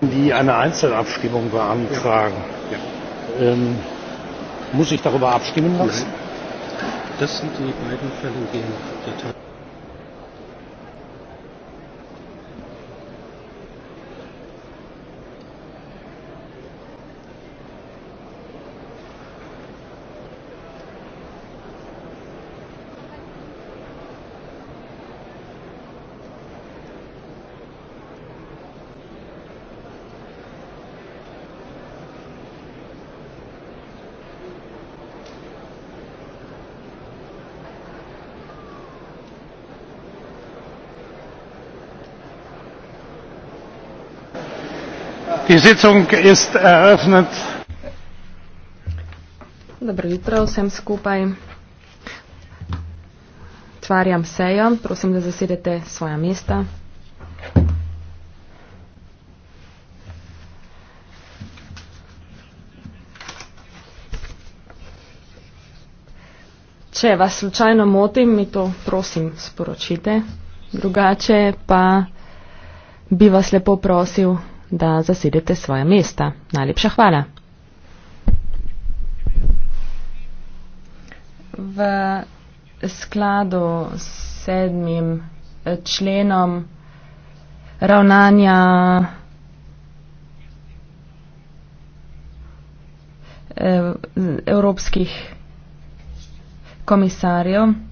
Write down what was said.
die eine Einzelabstimmung beantragen. Ja. ja. Ähm, muss ich darüber abstimmen lassen? Nein. Das sind die beiden Fälle, die in der Tat Dobro jutro vsem skupaj. Tvarjam sejo. Prosim, da zasedete svoja mesta. Če vas slučajno motim, mi to prosim sporočite. Drugače pa bi vas lepo prosil, da zasedete svoja mesta. Najlepša hvala. V skladu s sedmim eh, členom ravnanja eh, evropskih komisarjev.